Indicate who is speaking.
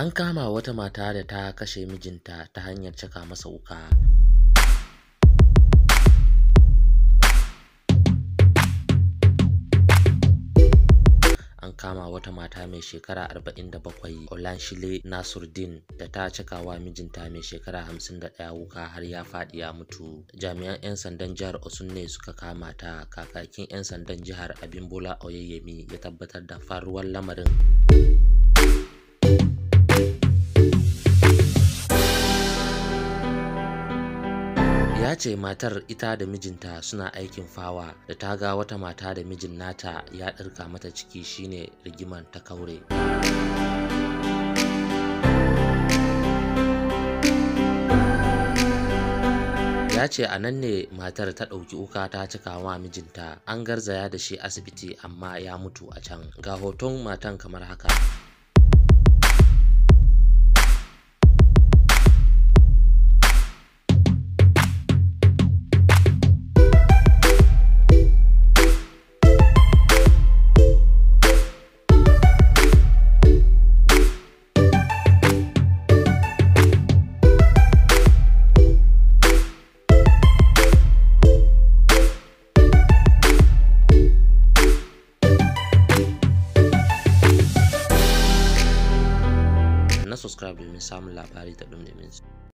Speaker 1: An kama wata mata da ta kashe mijinta ta hanyar caka masa wuka. An kama wata mata mai shekara 47 Olanshile Nasruddin da ta caka wa mijinta mai shekara 51 wuka har ya faɗi ya mutu. Jami'an 'yan sandan jihar osunne suka kama ta kakakin 'yan sandan jihar Abimbola Oyeyemi ya tabbatar da faruwar lamarin. ya ce matar ita da mijinta suna aikin fawa da ta ga wata mata da mijin nata ya ɗirka mata ciki shine rigiman ta kaure ya ce a nan ne matar ta ɗauki uka ta cika wa mijinta an garzaya da shi asibiti amma ya mutu a can ga hoton matan kamar haka subscribe domin samun labari ta dumdumin su